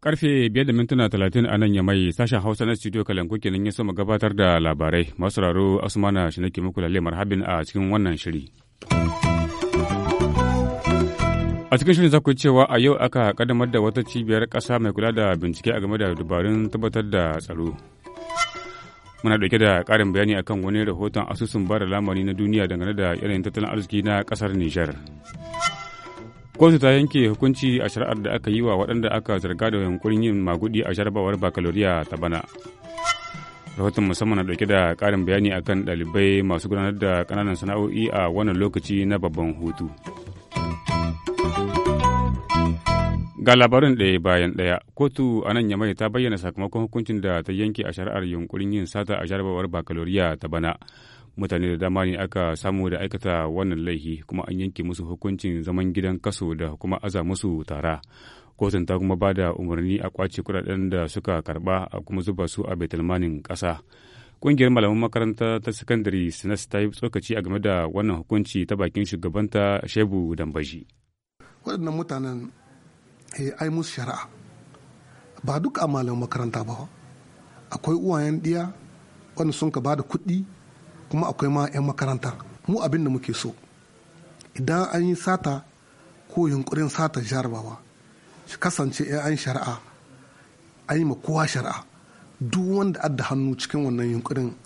Karfe biyar da mintuna talatin a nan ya mai sashen Hausa na studio Kalangu kenan ya soma gabatar da labarai. Masu raro asumana shi nake muku lalle marhabin a cikin wannan shiri. A cikin shirin za ku cewa a yau aka ƙaddamar da wata cibiyar ƙasa mai kula da bincike a game da dabarun tabbatar da tsaro. muna dauke da karin bayani akan wani rahoton asusun bada lamari na duniya dangane da yanayin tattalin arziki na kasar nijar kotu ta yanke hukunci a shari'ar da aka yi wa waɗanda aka zarga da yankurin yin magudi a jarabawar bakaloriya ta bana rahoton musamman na dauke da ƙarin bayani akan ɗalibai masu gudanar da ƙananan sana'o'i a wannan lokaci na babban hutu Ga labarin ɗaya bayan ɗaya, kotu a nan Yamai ta bayyana sakamakon hukuncin da ta yanke a shari'ar yunkurin yin sata a jarabawar bakaloriya ta bana. Mutane da dama ne aka samu da aikata wannan laifi kuma an yanke musu hukuncin zaman gidan kaso da kuma aza musu tara. Kotun ta kuma ba da umarni a kwace kuɗaɗen da suka karba a kuma zuba su a betulmanin ƙasa. Ƙungiyar malaman makaranta ta sakandare Sinas ta yi tsokaci a game da wannan hukunci ta bakin shugabanta Shebu Dambaji. Waɗannan mutanen Eh, ai musu shari'a ba duk a malam makaranta ba akwai uwayen ɗiya wanda sun ka ba da kuɗi kuma akwai ma 'yan makaranta mu abin da muke so idan an yi sata ko yunkurin sata jarabawa shi kasance 'yan shari'a an yi ma kowa shari'a duk wanda adda hannu cikin wannan yunkurin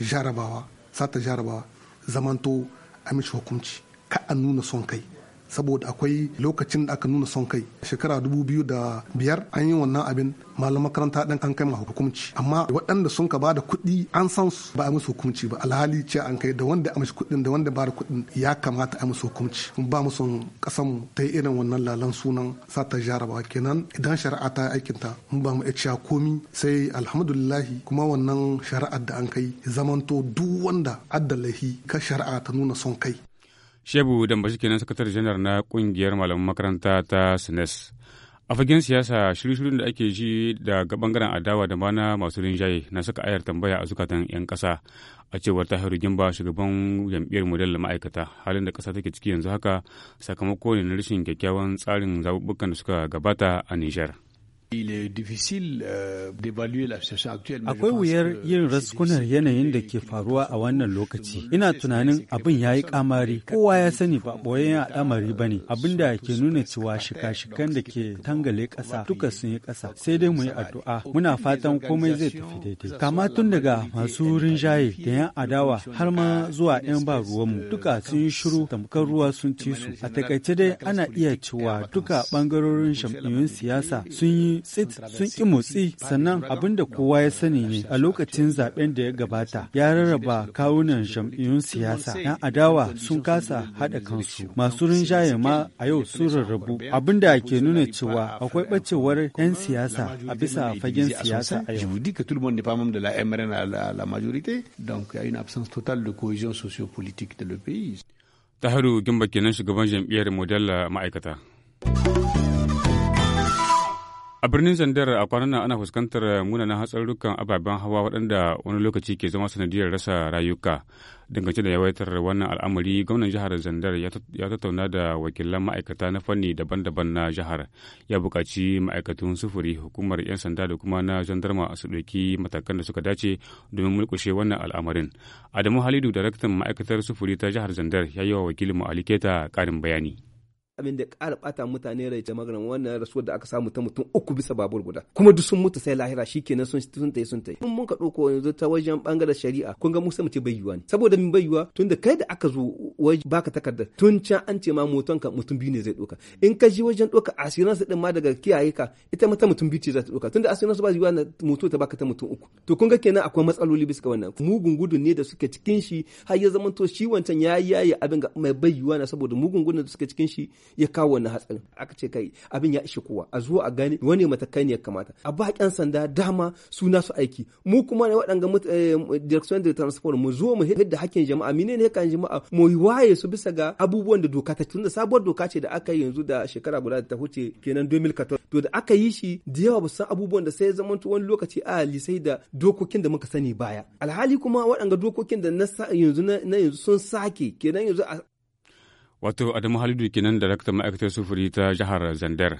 jarabawa sata jarabawa zamanto a mishi hukunci ka an nuna son kai saboda akwai lokacin da aka nuna son kai shekara dubu biyu da biyar an yi wannan abin malam makaranta ɗan an kai ma hukumci amma waɗanda sun ka bada kuɗi an san su ba a musu hukumci ba alhali ce an kai da wanda amshi kuɗin da wanda bada kuɗin ya kamata a musu hukunci ba mu son mu ta yi irin wannan lalan sunan sa ta jaraba kenan idan shari'a ta aikinta mu ba mu iya komi sai alhamdulillahi kuma wannan shari'ar da an kai zamanto duk wanda addalahi ka shari'a ta nuna son kai Shebu Dambashi kenan sakatar janar na kungiyar malaman makaranta ta SNES. A fagen siyasa shirye-shiryen da ake ji daga bangaren adawa da mana masu rinjaye na saka ayar tambaya a zukatan 'yan kasa a cewar ta Tahiru Gimba shugaban jam'iyyar model ma'aikata halin da kasa take ciki yanzu haka sakamako ne na rashin kyakkyawan tsarin zaɓuɓɓukan da suka gabata a Nijar. Euh, Akwai wuyar yin raskunar yanayin da ke faruwa a wannan lokaci. Ina tunanin abin ya yi kamari. Kowa ya sani ba a al'amari ba ne. Abin da ke nuna cewa shika-shikan da ke tangale ƙasa duka sun yi ƙasa. Sai dai mu yi addu'a. Muna fatan komai zai tafi daidai. Kama tun daga masu rinjaye da 'yan adawa har ma zuwa 'yan ba ruwanmu duka sun yi shiru tamkar ruwa sun ci su. A takaice dai ana iya cewa duka ɓangarorin jam'iyyun siyasa sun yi sun ƙi motsi sannan abin da kowa ya sani ne a lokacin zaben da ya gabata ya rarraba kawunan jam'iyyun siyasa na adawa sun kasa haɗa kansu masu rinjaye ma a yau sun rarrabu abin da ke nuna cewa akwai ɓacewar 'yan siyasa a bisa fagen siyasa a yau. Taharu Gimba kenan shugaban jam'iyyar Modella ma'aikata. A birnin Zandar a kwanan ana fuskantar munanan hatsarurrukan ababen hawa waɗanda wani lokaci ke zama sanadiyar rasa rayuka. Dangance da yawaitar wannan al'amari, gwamnan jihar Zandar ya tattauna da wakilan ma'aikata na fanni daban-daban na jihar. Ya buƙaci ma'aikatun sufuri, hukumar 'yan sanda da kuma na jandarma su ɗauki matakan da suka dace domin mulkushe wannan al'amarin. Adamu Halidu, daraktan ma'aikatar sufuri ta jihar Zandar, ya yi wa wakilinmu Ali Keta ƙarin bayani. abin da ƙara ɓata mutane rai ta magaran wannan rasuwar da aka samu ta mutum uku bisa babur guda kuma duk sun mutu sai lahira shikenan sun sun tai sun tai in mun ka ɗauko yanzu ta wajen ɓangaren shari'a kun ga musa mace mu bai yiwa ne saboda min bai yiwa da kai da aka zo wajen baka takardar tun can an ce ma mutum ka mutum biyu ne zai ɗauka in ka je wajen ɗauka asiran su din ma daga kiyaye ka ita ma ta mutum biyu ce za ta ɗauka tunda asiran su ba yiwa na mutum ta baka ta mutum uku to kun ga kenan akwai matsaloli bisa wannan mugun gudun ne da suke cikin shi har ya zamanto shi wancan ya yi yaye abin ga mai bai yiwa na saboda mugun gudun da suke cikin shi ya kawo wannan hatsarin aka ce kai abin ya ishe kowa a zuwa a gani wani matakai ne ya kamata a ba sanda dama su nasu aiki mu kuma ne waɗanga eh, direction da transport mu zo mu hidda hakkin jama'a menene hakkin jama'a mu waye su bisa ga abubuwan da doka ta tunda sabuwar doka ce da aka yi yanzu da shekara guda da ta huce kenan 2014 to da aka yi shi da yawa ba san abubuwan da sai ya zama wani lokaci a lisai da dokokin da muka sani baya alhali kuma waɗanga dokokin da na yanzu na yanzu sun sake kenan yanzu Wato Adamu Halidu kenan daraktan ma'aikatar sufuri ta jihar Zandar.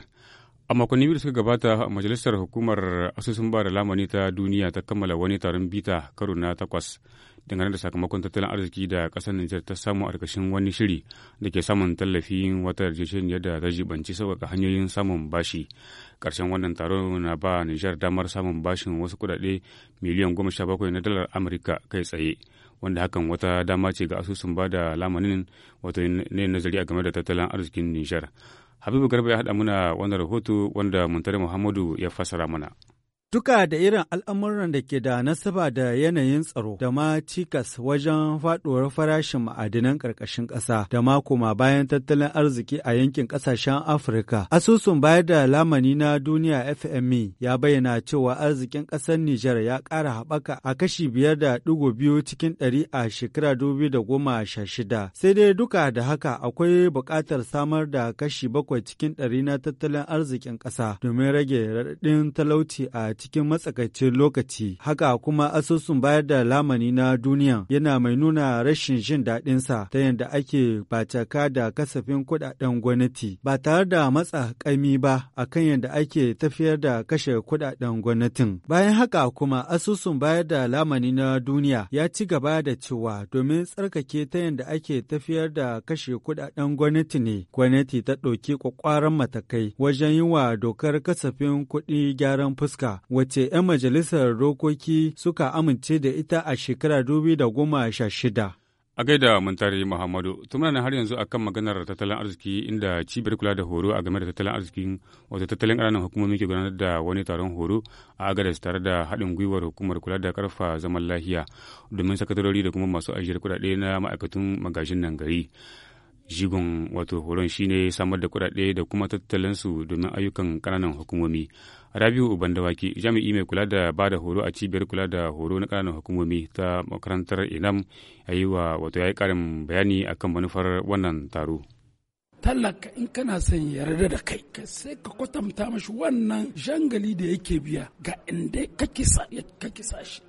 A makonni biyu suka gabata majalisar hukumar asusun ba da lamani ta duniya ta kammala wani taron bita karo na takwas dangane da sakamakon tattalin arziki da ƙasar Nijar ta samu a ƙarƙashin wani shiri da ke samun tallafin wata yarjejeniyar da ta jibanci sauƙaƙa hanyoyin samun bashi. Ƙarshen wannan taron na ba Nijar damar samun bashin wasu kuɗaɗe miliyan goma sha bakwai na dalar Amurka kai tsaye. wanda hakan wata dama ce ga asusun ba da lamanin wato ne nazari a game da tattalin arzikin nishar Habibu Garba ya haɗa muna wannan rahoto wanda Muntari Muhammadu ya fassara mana. Duka da irin al'amuran da ke da nasaba da yanayin tsaro da ma cikas wajen faɗuwar farashin ma'adinan ƙarƙashin ƙasa da ma koma bayan tattalin arziki a yankin ƙasashen Afirka. Asusun bayar da lamani na duniya FME ya bayyana cewa arzikin ƙasar Nijar ya ƙara haɓaka a kashi biyar da ɗigo biyu cikin ɗari a shekara dubu da goma sha shida. Sai dai duka da haka akwai buƙatar samar da kashi bakwai cikin ɗari na tattalin arzikin ƙasa domin rage raɗaɗin talauci a cikin matsakaicin lokaci, haka kuma asusun bayar da lamani na duniya yana mai nuna rashin jin daɗinsa ta yadda ake bacaka da kasafin kuɗaɗen gwamnati ba tare da matsa ƙaimi ba a kan yadda ake tafiyar da kashe kuɗaɗen gwamnatin. Bayan haka kuma asusun bayar da lamani na duniya ya ci gaba da cewa domin tsarkake ta yadda ake tafiyar da kashe kuɗaɗen gwamnati ne gwamnati ta ɗauki ƙwaƙwaran matakai wajen yi wa dokar kasafin kuɗi gyaran fuska wacce 'yan majalisar dokoki suka amince da ita a shekarar shida. A gaida Muntari Muhammadu, tumana na har yanzu akan maganar tattalin arziki inda cibiyar kula da horo a game da tattalin arziki wato tattalin ƙananan hukumomi ke gudanar da wani taron horo a agadas tare da haɗin gwiwar hukumar kula da karfa zaman lafiya domin sakatarori da kuma masu ajiyar kuɗaɗe na ma'aikatun magajin nan gari. Jigon wato horon shine samar da kuɗaɗe da kuma tattalinsu domin ayyukan ƙananan hukumomi. Rabiu Bandawaki jami'i mai kula da ba da horo a cibiyar kula da horo na ƙananan hukumomi ta makarantar Inam a yi wa wato ya yi ƙarin bayani akan manufar wannan taro. talaka in kana son yarda da kai ka sai ka kwatanta mashi wannan jangali da yake biya ga inda kake sa shi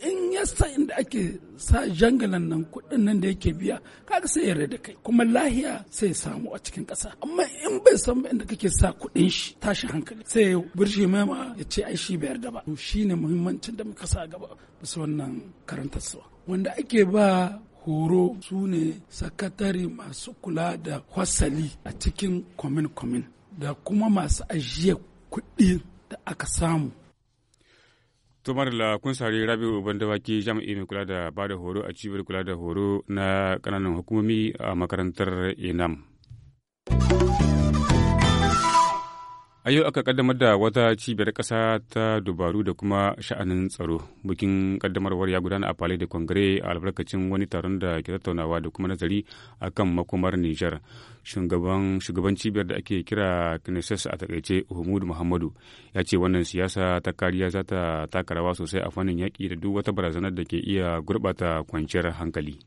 in ya sa inda ake sa jangalan nan kuɗin nan da yake biya kaga sai yarda da kai kuma lahiya sai samu a cikin ƙasa amma in bai san ba inda kake sa kuɗin shi tashi hankali sai mai ma ya ce ai shi bai gaba ba to shine muhimmancin da muka sa gaba bisa wannan karantarsuwa wanda ake ba horo su ne sakatare masu kula da wasali a cikin komin komin da kuma masu ajiye kuɗi da aka samu tumar la kun sare rabiu bandawaki jami'i mai kula da bada horo a cibiyar kula da horo na kananan hukumomi a makarantar inam A yau aka kaddamar da wata cibiyar ƙasa ta dubaru da kuma sha'anin tsaro. Bikin kaddamarwar ya gudana a Palais de Congrès a albarkacin wani taron da ke tattaunawa da kuma nazari a kan makomar Nijar. Shugaban cibiyar da ake kira Knesset a takaice Uhumudu Muhammadu ya ce wannan siyasa ta kariya za ta taka rawa sosai a fannin yaƙi da duk wata barazanar da ke iya gurɓata kwanciyar hankali.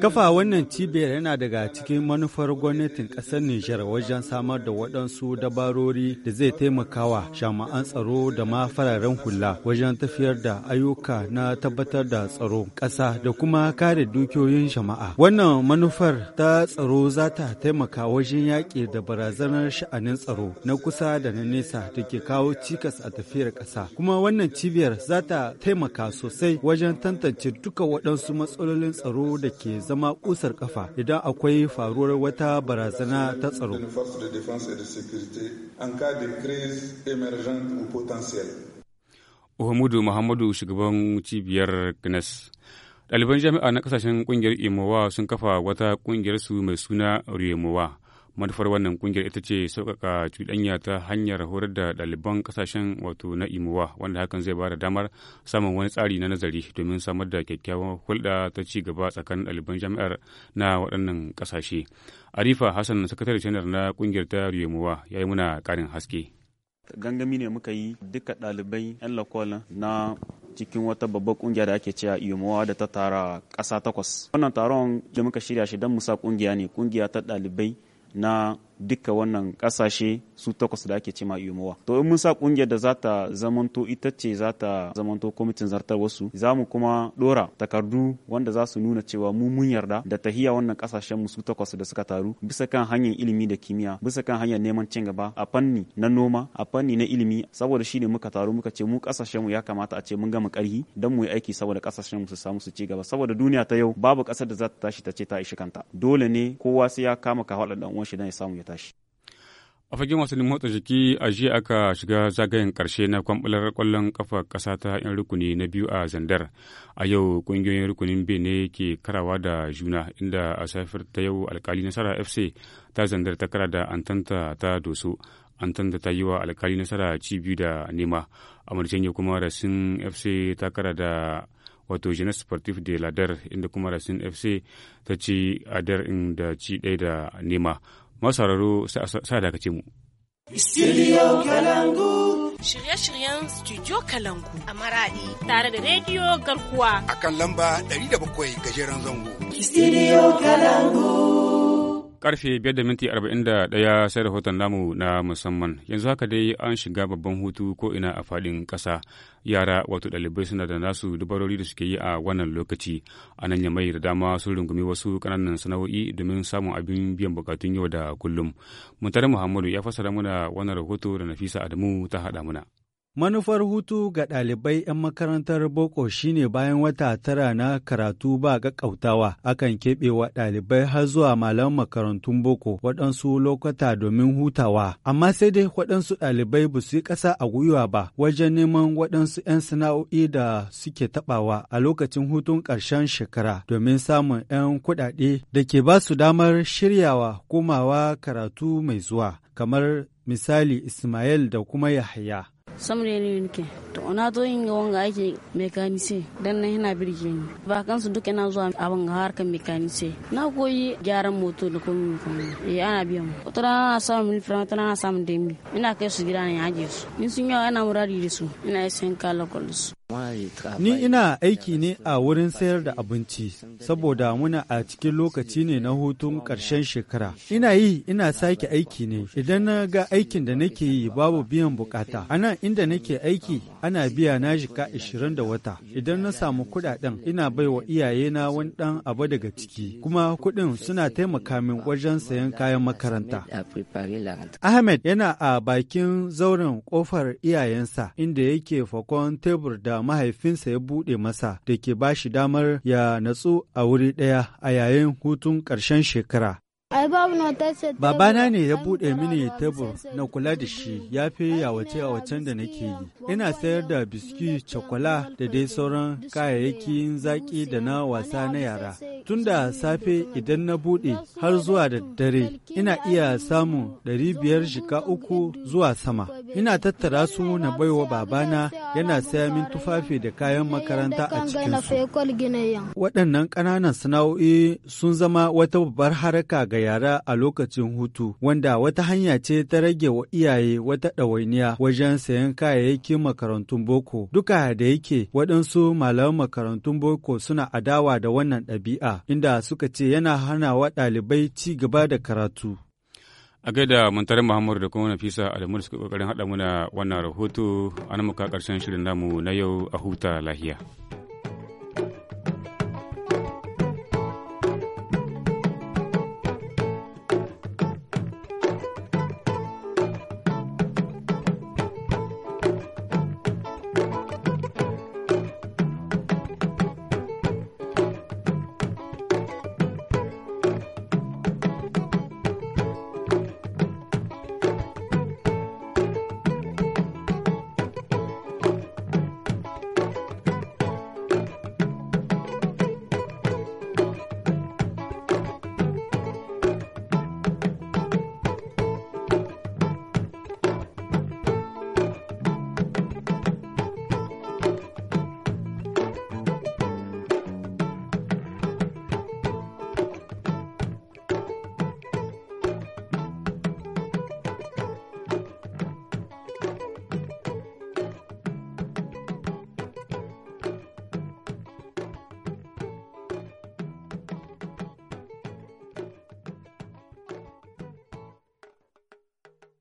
Kafa wannan cibiyar yana daga cikin manufar gwamnatin ƙasar Nijar wajen samar da waɗansu dabarori da zai taimakawa shama'an tsaro da ma fararen hula wajen tafiyar da ayyuka na tabbatar da tsaro ƙasa da kuma kare dukiyoyin jama'a. Wannan manufar ta tsaro za ta taimaka wajen yaƙi da barazanar sha'anin tsaro na kusa da na nesa da ke kawo cikas a tafiyar ƙasa. Kuma wannan cibiyar za ta taimaka sosai wajen tantance duka waɗansu matsalolin tsaro da ke zama kusar kafa idan akwai faruwar wata barazana ta tsaro. Muhammadu Muhammadu shugaban cibiyar Gnes. Ɗaliban jami'a na ƙasashen ƙungiyar Imowa sun kafa wata ƙungiyar su mai suna Riemowa. manufar wannan kungiyar ita ce sauƙaƙa cuɗanya ta hanyar horar da ɗaliban ƙasashen wato na imuwa wanda hakan zai ba da damar samun wani tsari na nazari domin samar da kyakkyawar hulɗa ta ci gaba tsakanin ɗaliban jami'ar na waɗannan ƙasashe arifa hassan sakatare janar na kungiyar ta riyemuwa ya yi muna ƙarin haske gangami ne muka yi duka ɗalibai 'yan lakwalin na cikin wata babbar kungiya da ake cewa iyomowa da ta tara ƙasa takwas wannan taron da muka shirya shi don musa kungiya ne kungiya ta ɗalibai na duka wannan kasashe su takwas da ake cema yumowa to in mun sa kungiyar da za ta zamanto ita ce za ta zamanto kwamitin zartar wasu za mu kuma dora takardu wanda za su nuna cewa mu mun yarda da tahiya wannan kasashen mu su takwas da suka taru bisa kan hanyar ilimi da kimiyya bisa kan hanyar neman cin gaba a fanni na noma a fanni na ilimi saboda shine muka taru muka ce mu kasashen mu ya kamata a ce mun gama karhi dan mu yi aiki saboda kasashen mu su samu su ci gaba saboda duniya ta yau babu kasar da za ta tashi ta ce ta ishi kanta dole ne kowa sai ya kama ka dan uwan shi dan ya samu ya tashi. A fagen wasannin motsa jiki a jiya aka shiga zagayen ƙarshe na kwambular kwallon kafa ƙasa ta 'yan rukuni na biyu a Zandar. A yau ƙungiyoyin rukunin Bene ke karawa da juna inda a safiyar ta yau alkali nasara FC ta Zandar ta kara da Antanta ta Doso. Antanta ta yi wa alkali nasara ci biyu da nema. A kuma Rasin FC ta kara da wato jeunesse sportif de ladar inda kuma rasin fc ta ci adar in da ci ɗaya da nema masu sauraro sa dakace mu. Studio Kalangu. Shirye-shiryen Studio Kalangu a Maradi tare da Rediyo Garkuwa. A kan lamba 107 gajeren zango. Studio Kalangu. Karfe 5.41 sai rahoton namu na musamman. Yanzu haka dai an shiga babban hutu ko ina a faɗin kasa Yara wato ɗalibai suna da nasu dubarori da suke yi a wannan lokaci. A nan yamai da dama sun rungumi wasu ƙananan sana'o'i domin samun abin biyan bukatun yau da kullum. Muntare Muhammadu ya fassara muna wannan rahoto da Nafisa Adamu ta haɗa muna. Manufar hutu ga ɗalibai 'yan makarantar boko shine bayan wata tara na karatu ba ƙaƙƙautawa akan keɓe wa ɗalibai har zuwa malam makarantun boko waɗansu lokuta domin hutawa. Amma sai dai waɗansu ɗalibai ba su yi ƙasa a gwiwa ba wajen neman waɗansu 'yan sana'o'i da suke taɓawa a lokacin hutun ƙarshen shekara domin samun 'yan kuɗaɗe da ke ba su damar shiryawa komawa karatu mai zuwa kamar misali Ismail da kuma Yahaya. samre ne nake to na zo yin wanga aiki mekanise dan nan yana birge ni ba su duk yana zuwa abin harkar mekanise na koyi gyaran moto da komi komai eh ana biyan mu wata rana na samun mil franc wata rana na samun demi ina kai su gida ne aje su in sun yawa yana murari da su ina yi sayan kalakol Ni ina aiki ne a wurin sayar da abinci, saboda muna a cikin lokaci ne na hutun ƙarshen shekara. Ina yi ina sake aiki ne, idan na ga aikin da nake yi babu biyan bukata. A nan inda nake aiki ana biya na shika ashirin da wata. Idan na samu kuɗaɗen ina bai wa iyayena wani ɗan abu daga ciki, kuma kuɗin suna taimaka min wajen sayan kayan makaranta. Ahmed yana a bakin zauren ƙofar iyayensa inda yake fakon tebur da mahaifinsa ya buɗe masa da ke ba shi damar ya natsu a wuri ɗaya a yayin hutun ƙarshen shekara. Babana ne ya buɗe mini tebur na kula da shi ya fi yawace yawacen da nake yi. Ina sayar da biski, cakwala da dai sauran kayayyakin zaƙi da na wasa na yara. Tun da safe idan na buɗe har zuwa da dare, ina iya samun ɗari biyar shika uku zuwa sama. Ina tattara su na baiwa babana yana saya min tufafi da kayan makaranta a cikinsu. Waɗannan ƙananan sana'o'i sun zama wata babbar haraka ga yara a lokacin hutu, wanda wata hanya ce ta rage wa iyaye wata ɗawainiya wajen sayan kayayyakin makarantun boko. Duka da yake waɗansu malaman makarantun boko suna adawa da wannan ɗabi'a, inda suka ce yana hana wa ɗalibai ci gaba da karatu. a gaida muntarin muhammadu da kuma nafisa adamu da suka kokarin haɗa muna wannan rahoto an muka karshen shirin namu na yau a huta lahiya